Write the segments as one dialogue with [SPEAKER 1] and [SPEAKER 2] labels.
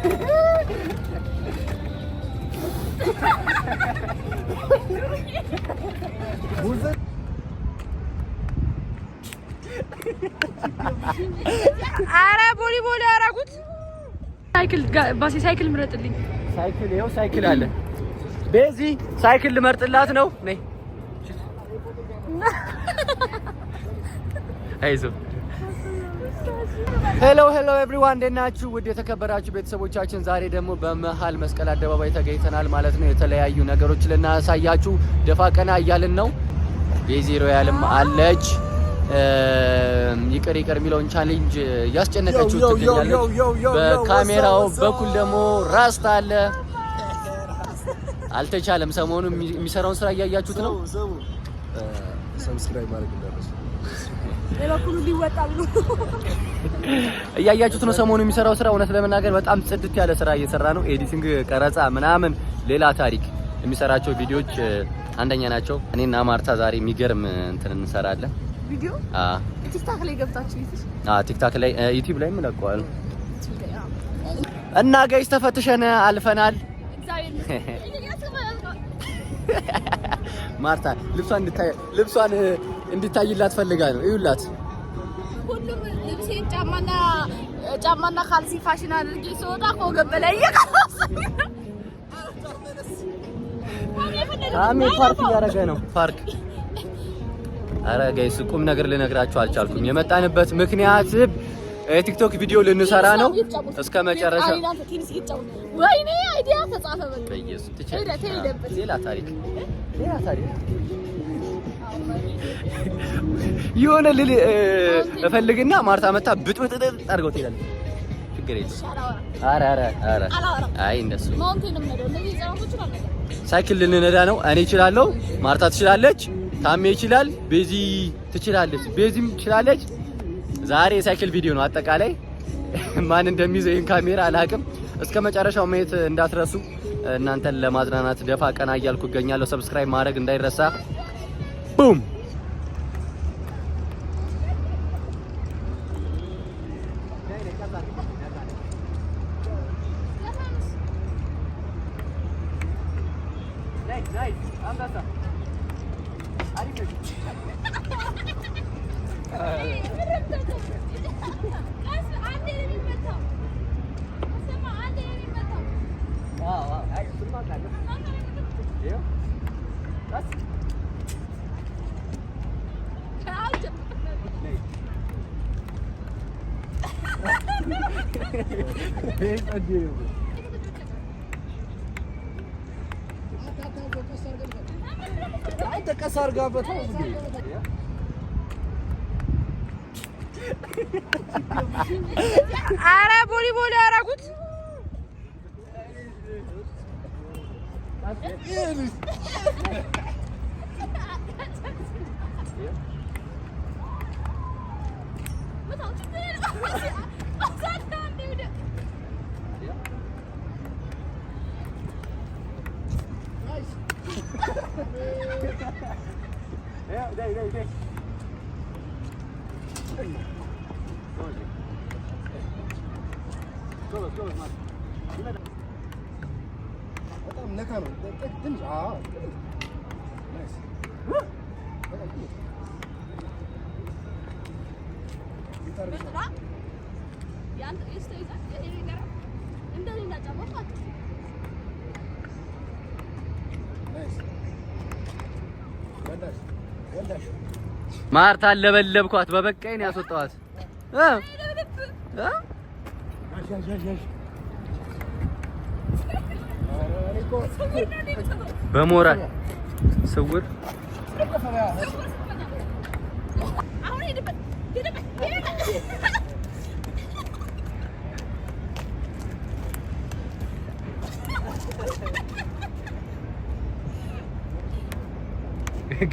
[SPEAKER 1] አረ ኧረ ቦሊ ቦሊ አደረጉት። ሳይክል ባሴ ሳይክል ምረጥልኝ።
[SPEAKER 2] ሳይክል ይኸው ሳይክል አለ። ቤዚ ሳይክል ልመርጥላት ነው። ነይ አይዞህ ሄሎ ሄሎ ኤቭሪዋን እንዴት ናችሁ? ውድ የተከበራችሁ ቤተሰቦቻችን ዛሬ ደግሞ በመሀል መስቀል አደባባይ ተገኝተናል ማለት ነው። የተለያዩ ነገሮች ልናሳያችሁ ደፋ ቀና እያልን ነው። የዜሮ ያልም አለች ይቅር ይቅር የሚለውን ቻሌንጅ እያስጨነቀችው
[SPEAKER 3] ትገኛለች።
[SPEAKER 2] በካሜራው በኩል ደግሞ ራስታ አለ። አልተቻለም። ሰሞኑ የሚሰራውን ስራ እያያችሁት ነው።
[SPEAKER 3] ሰብስክራይብ ማድረግ እንዳረሱ
[SPEAKER 2] እያያችሁት ነው። ሰሞኑ የሚሰራው ስራ እውነት ለመናገር በጣም ጽድት ያለ ስራ እየሰራ ነው። ኤዲቲንግ፣ ቀረጻ ምናምን ሌላ ታሪክ። የሚሰራቸው ቪዲዮዎች አንደኛ ናቸው። እኔና ማርታ ዛሬ የሚገርም እንትን እንሰራለን።
[SPEAKER 1] ቪዲዮ ቲክታክ ላይ ገብታችሁ
[SPEAKER 2] ቲክታክ ላይ ዩቲዩብ ላይ ምለቀዋል እና ጋይስ ተፈትሸን አልፈናል። ማርታ ልብሷን እንድታይላት ፈልጋ ነው። እዩላት
[SPEAKER 1] ጫማና ጫማና ካልሲ ፋሽን አድርጌ ስወጣ ከወገብ በላይ
[SPEAKER 2] አሜ ፓርክ እያደረገ ነው። ፓርክ አረጋይ ቁም ነገር ልነግራችሁ አልቻልኩም። የመጣንበት ምክንያት የቲክቶክ ቪዲዮ ልንሰራ ነው። እስከ መጨረሻ
[SPEAKER 1] ወይኔ አይዲያ ተጻፈ። በቃ
[SPEAKER 2] ሌላ ታሪክ ሌላ ታሪክ የሆነ ልል እፈልግና ማርታ መታ ብጥብጥ አድርገው ትሄዳለች። ችግር የለም። አይ እንደሱ ሳይክል ልንነዳ ነው። እኔ እችላለሁ፣ ማርታ ትችላለች፣ ታሜ ይችላል፣ ቤዚ ትችላለች፣ ቤዚም ትችላለች። ዛሬ የሳይክል ቪዲዮ ነው። አጠቃላይ ማን እንደሚይዘው ይህን ካሜራ አላውቅም። እስከ መጨረሻው ማየት እንዳትረሱ። እናንተን ለማዝናናት ደፋ ቀና እያልኩ እገኛለሁ። ሰብስክራይብ ማድረግ እንዳይረሳ። Boom. hediye yolu. Ay da kasar gafet oldu değil.
[SPEAKER 1] Ara boli boli ara gut.
[SPEAKER 2] Yeriz. Bu da çok በጣም ነካ ነው። ትንሽ ማርታ ለበለብኳት፣ በበቃይ ነው ያስወጣኋት። በሞራል ስውር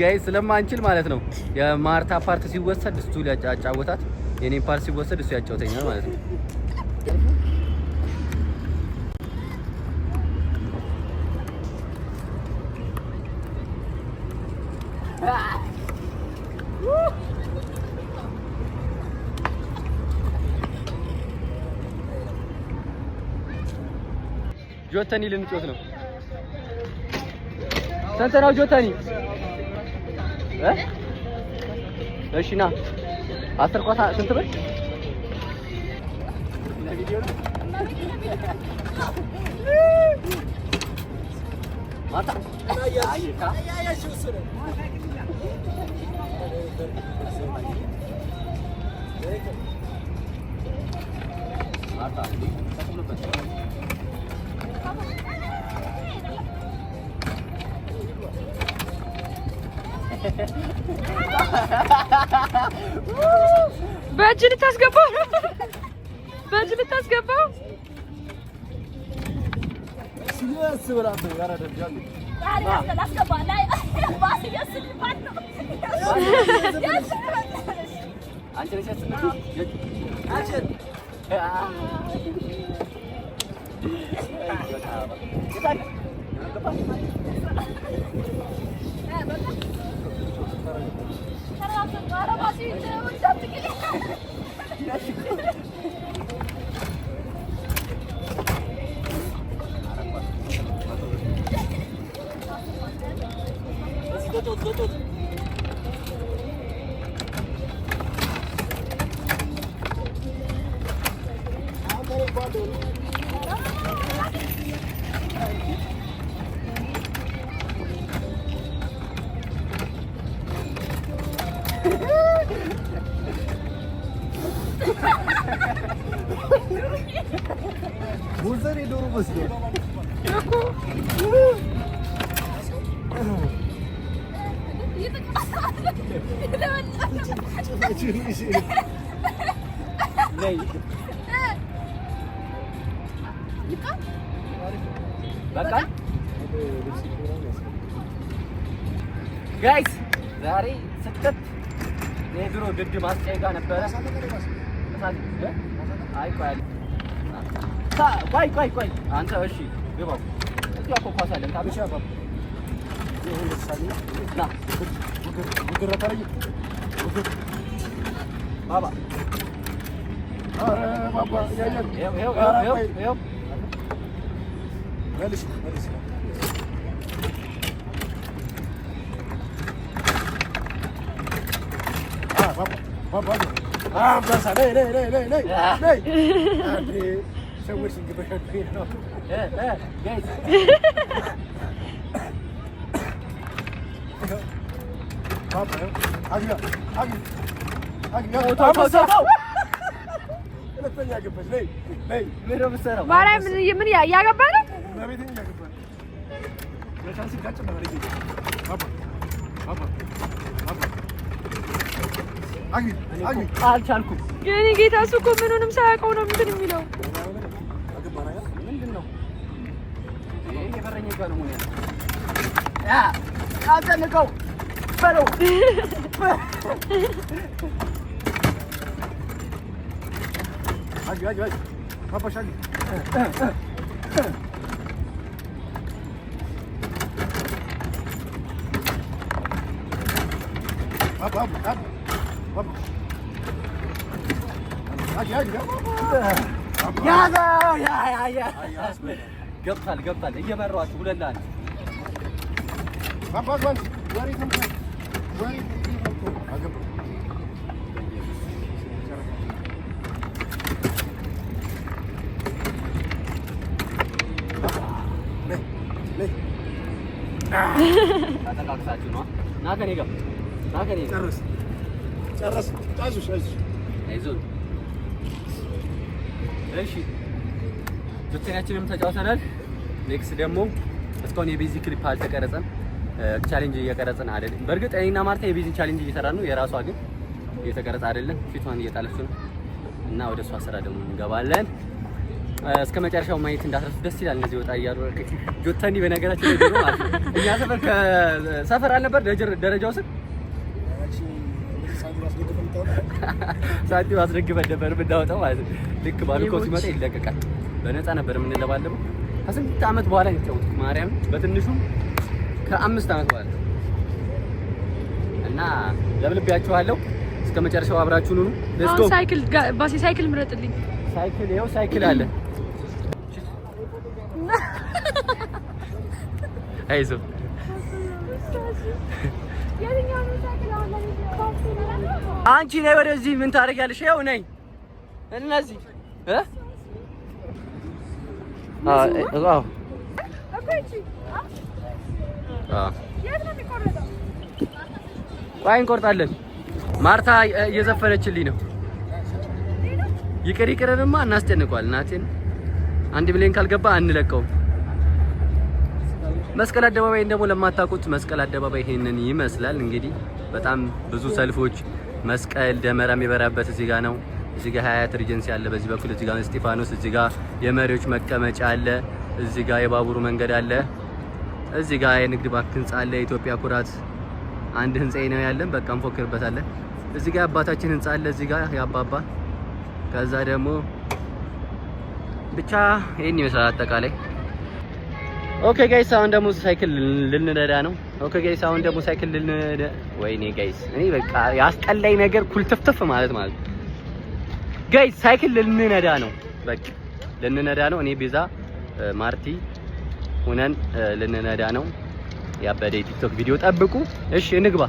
[SPEAKER 2] ጋይ ስለማንችል ማለት ነው። የማርታ ፓርት ሲወሰድ እሱ ያጫወታት፣ የኔ ፓርት ሲወሰድ እሱ ያጫወተኛል ማለት ነው። ጆተኒ ልንጮት ነው። ሰንተናው ጆተኒ እሺ ና አስር ኳስ ስንት ብር?
[SPEAKER 1] በእጅ ልታስገባው በእጅ ልታስገባው He baba. Arabası, arabası 100 lira mı sattı ki?
[SPEAKER 2] Bursa'ya doğru basıyor. Yoko. Çok acılı bir Ne? Yıkan? Berkan? ጋይስ ዛሬ ስትከት የድሮ ድድ ማስጫ ጋር ነበረ። አይ ቆይ ቆይ ቆይ ቆይ አንተ እሺ ግባ እዚህ እኮ ኳስ አለ ታብ እሺ አባ
[SPEAKER 3] ባባ ባባ ባባ ሰዎች
[SPEAKER 1] ምን እያገባ ነው? አልቻልኩም። ግን ጌታ እሱ እኮ ምኑንም ሳያውቀው ነው እንትን የሚለው
[SPEAKER 2] espera um momento. É, ah, ah, Zana, go! Parou!
[SPEAKER 3] Olha, olha, olha. Vai puxar aqui. Vamos, vamos, vamos. Vamos. Hadi Vamos, vamos,
[SPEAKER 2] vamos, vamos. hadi. Hadi hadi. ገብቷል ገብቷል። እየመሯት ውለላል። ተቃቅሳችሁ ነው። ና ከኔ ጋር ና ከኔ ጋር ጨረስን። አይዞሽ አይዞሽ። እሺ ሶስተኛችንም ተጫውተናል። ኔክስት ደግሞ እስካሁን የቤዚ ክሊፕ አልተቀረጸም፣ ቻሌንጅ እየቀረጽን አይደለም። በእርግጥ እኔና ማርታ የቤዚን ቻሌንጅ እየሰራ ነው፣ የራሷ ግን እየተቀረጸ አይደለም። ፊቷን እየጣለች ነው እና ወደ እሷ ስራ ደግሞ እንገባለን። እስከ መጨረሻው ማየት እንዳትረሱ። ደስ ይላል። እነዚህ ወጣ እያሉ ጆተኒ በነገራችን ላይ ድሮ ማለት እኛ ሰፈር ከሰፈር አልነበር ደረጃው ስር ሳንቲም አስደግፈን ነበር የምናወጣው ማለት ነው። ልክ ባልኮ ሲመጣ ይለቀቃል። በነፃ ነበር የምንለባለበው። ከስንት ዓመት በኋላ የተጫወትኩት ማርያም በትንሹ ከአምስት ዓመት በኋላ እና ለብልቤያችኋለሁ። እስከ መጨረሻው አብራችሁን ሁኑ። ሌትስ ጎ።
[SPEAKER 1] ሳይክል ባሴ ሳይክል ምረጥልኝ።
[SPEAKER 2] ሳይክል ይኸው ሳይክል አለ። አይዞህ አንቺ ነይ ወደዚህ ምን ታደርጊያለሽ? ይኸው ነይ እነዚህ አዎ ቆይ እንቆርጣለን። ማርታ እየዘፈነችልኝ ነው። ይቅር ይቅርንማ እናስጨንቋል። እናቴን አንድ ሚሊዮን ካልገባ አንለቀውም። መስቀል አደባባይን ደግሞ ለማታውቁት መስቀል አደባባይ ይሄንን ይመስላል። እንግዲህ በጣም ብዙ ሰልፎች መስቀል ደመራ የሚበራበት እዚህ ጋር ነው። እዚህ ጋር ሀያት ሪጀንሲ አለ። በዚህ በኩል እዚህ ጋር እስጢፋኖስ፣ እዚህ ጋር የመሪዎች መቀመጫ አለ። እዚህ ጋር የባቡሩ መንገድ አለ። እዚህ ጋር የንግድ ባንክ ህንጻ አለ። የኢትዮጵያ ኩራት አንድ ህንጻ ነው ያለን። በቃ እንፎክርበታለን። እዚህ ጋር የአባታችን ህንጻ አለ። እዚህ ጋር ያባባ ከዛ ደግሞ ብቻ ይሄን ይመስላል አጠቃላይ። ኦኬ ጋይስ አሁን ደግሞ ሳይክል ልንነዳ ነው። ኦኬ ጋይስ አሁን ደግሞ ሳይክል ልንነዳ። ወይኔ ጋይስ እኔ በቃ ያስጠላኝ ነገር ኩልትፍትፍ ማለት ማለት ጋይ ሳይክል ልንነዳ ነው። በቃ ልንነዳ ነው። እኔ ቤዛ ማርቲ ሆነን ልንነዳ ነው። ያበደ የቲክቶክ ቪዲዮ ጠብቁ። እሺ እንግባ።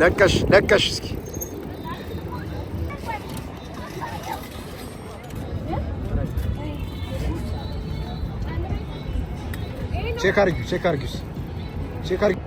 [SPEAKER 3] ለቀሽ ለቀሽ እስኪ Çek Argüz, çek Argüz. Çek Argüz.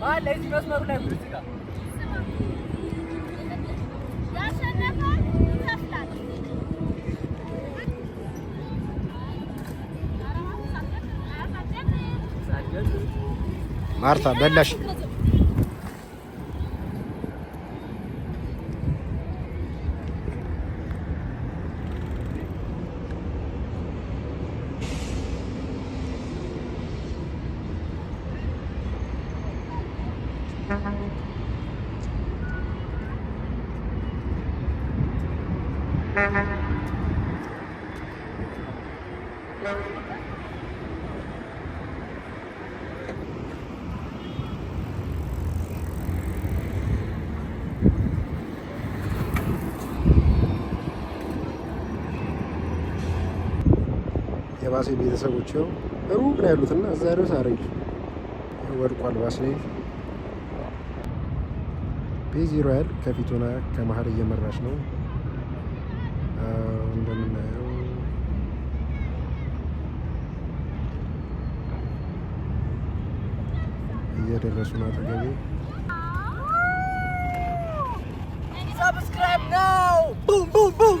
[SPEAKER 3] Var, lezi prosma bile müzika.
[SPEAKER 2] Marta, bellaş.
[SPEAKER 3] የባሴ ቤተሰቦች ው ሩቅ ነው ያሉትና እዛ ድረስ አረጅ ወድቋል። ባሴ ላይ ቤዚ ሮያል ከፊት ሆና ከመሀል እየመራች ነው እንደምናየው እየደረሱ ነው አጠገቤ
[SPEAKER 2] ሰብስክራይብ ነው ቡም ቡም ቡም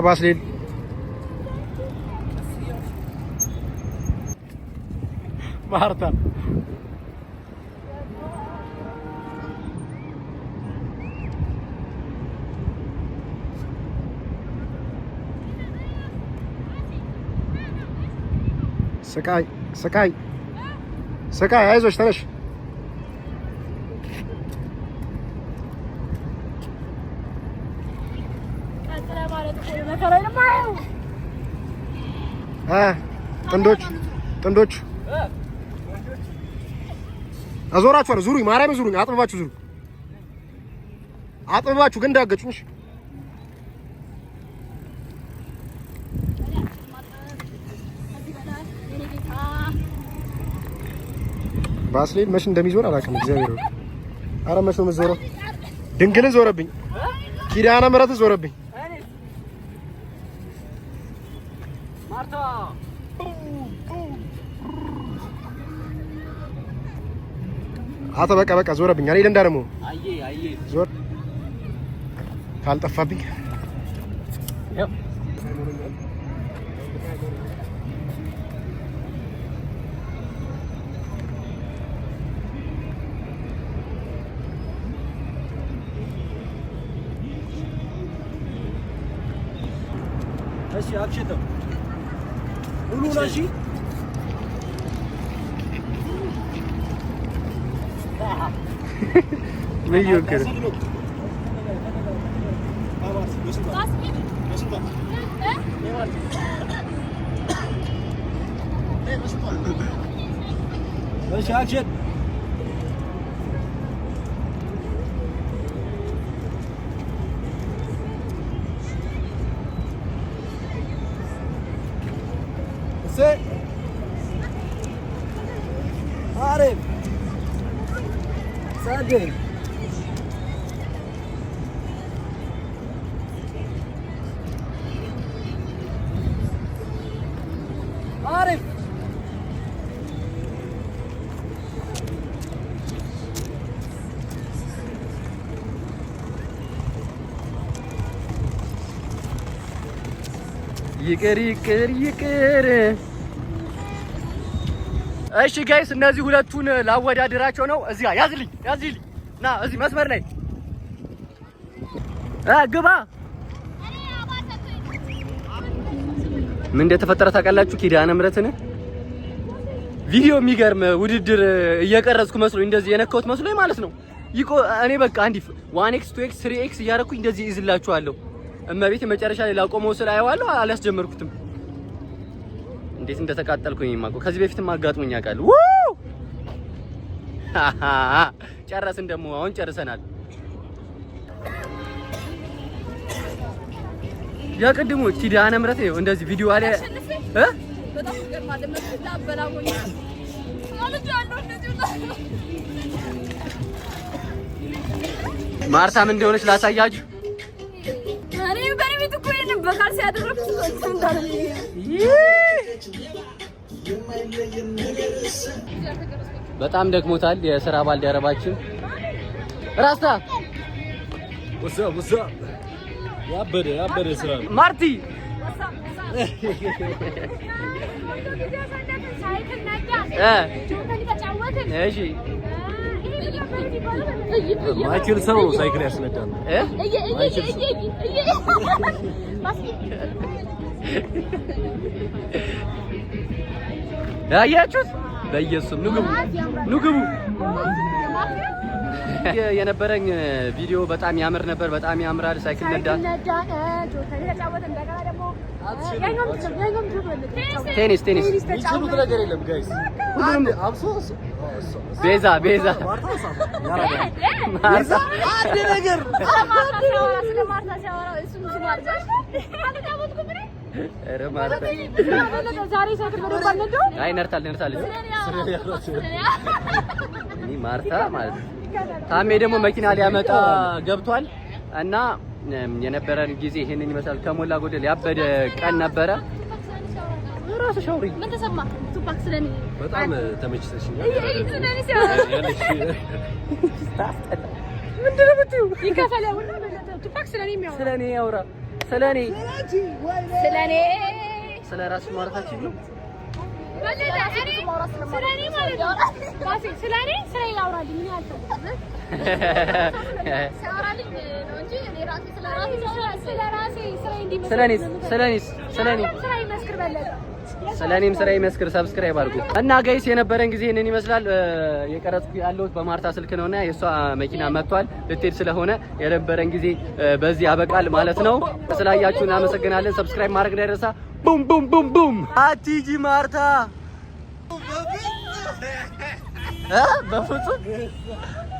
[SPEAKER 2] Vai, Baslid. Marta. Sakai, Sakai. Sakai, isso اشتريش ጥንዶች ጥንዶች አዞራችኋለሁ። ዙሩኝ፣ ማርያምን ዙሩኝ። አጥብባችሁ ዙሩ፣ አጥብባችሁ ግን እንዳገጩኝ። ባስሌል መች እንደሚዞር አላውቅም። እግዚአብሔር ኧረ መች ነው የምትዞረው? ድንግልን ዞረብኝ፣ ኪዳነ ምሕረትን ዞረብኝ። አቶ በቃ በቃ ዞረብኝ። እኔ ልንዳ ደግሞ ዞር ካልጠፋብኝ እሺ አብሽተው ሁሉ meglio ancora. Let's action. That's it. Arif. Sadece. ይቅር ይቅር ይቅር። እሺ ጋይስ እነዚህ ሁለቱን ላወዳድራቸው ነው። እዚህ ጋር ያዝልኝ ያዝልኝ ና እዚህ መስመር ላይ ግባ። ምን እንደተፈጠረ ታውቃላችሁ? ኪዳነ ምሕረትን ቪዲዮ የሚገርም ውድድር እየቀረጽኩ መስሎኝ እንደዚህ የነካሁት መስሎኝ ማለት ነው። እኔ በቃ አንዲ ኤክስ ቱ ኤክስ ስሪ እያደረኩኝ እንደዚህ ይዝላችኋለሁ። እመቤት መጨረሻ ላይ ላቆመው ስለ አየዋለሁ አላስጀመርኩትም። እንዴት እንደተቃጠልኩኝ ማቆ ከዚህ በፊትም አጋጥሞኝ ያውቃል። ጨረስን ደግሞ አሁን ጨርሰናል። የቅድሙ ኪዳነ ምሕረት ነው እንደዚህ ቪዲዮ አለ እ ማርታም እንደሆነች ላሳያችሁ።
[SPEAKER 1] ቅድም በካልሲ ያደረኩት
[SPEAKER 2] በጣም ደክሞታል። የስራ ባልደረባችን ራስታ
[SPEAKER 3] ወሳ ወሳ ያበደ ያበደ ስራ
[SPEAKER 2] ማርቲ እ
[SPEAKER 3] ማይችል ሰው ነው ሳይክል ያስነዳል።
[SPEAKER 2] አያችሁት? በኢየሱስም ንግቡ ንግቡ። የነበረኝ ቪዲዮ በጣም ያምር ነበር። በጣም ያምራል። ሳይክል ነዳ፣ ቴኒስ ቴኒስ፣
[SPEAKER 3] ሁሉንም
[SPEAKER 2] ቤዛ ቤዛ አንድ ነገር ማርታ ማለት ታሜ ደግሞ መኪና ሊያመጣ ገብቷል እና የነበረን ጊዜ ይሄንን ይመስላል። ከሞላ ጎደል ያበደ ቀን ነበረ። ራስሽ አውሪ።
[SPEAKER 1] ምን ተሰማ? ቱፓክ ስለኔ
[SPEAKER 3] በጣም ተመችተሽኛል።
[SPEAKER 1] እይ ስለኔ ሲያወራ ያለሽ ታስጠላ። ምንድን ነው የምትይው? ይከፈለው እና ቱፓክ ስለኔ የሚያወራ
[SPEAKER 2] ስለኔ ያወራ ስለኔ ስለኔ ስለ ራስሽ ማውራታችን ነው ስለኔ ስለኔ ስለኔ ስለ እኔም ስራ ይመስክር። ሰብስክራይብ አድርጉ እና ገይስ የነበረን ጊዜ ይህንን ይመስላል። የቀረጽኩ ያለሁት በማርታ ስልክ ነውና የእሷ መኪና መጥቷል፣ ልትሄድ ስለሆነ የነበረን ጊዜ በዚህ ያበቃል ማለት ነው። ስላያችሁ እናመሰግናለን። ሰብስክራይብ ማድረግ እንዳይረሳ። ቡም ቡም ቡም ቡም። አትሂጂ ማርታ በፍጹም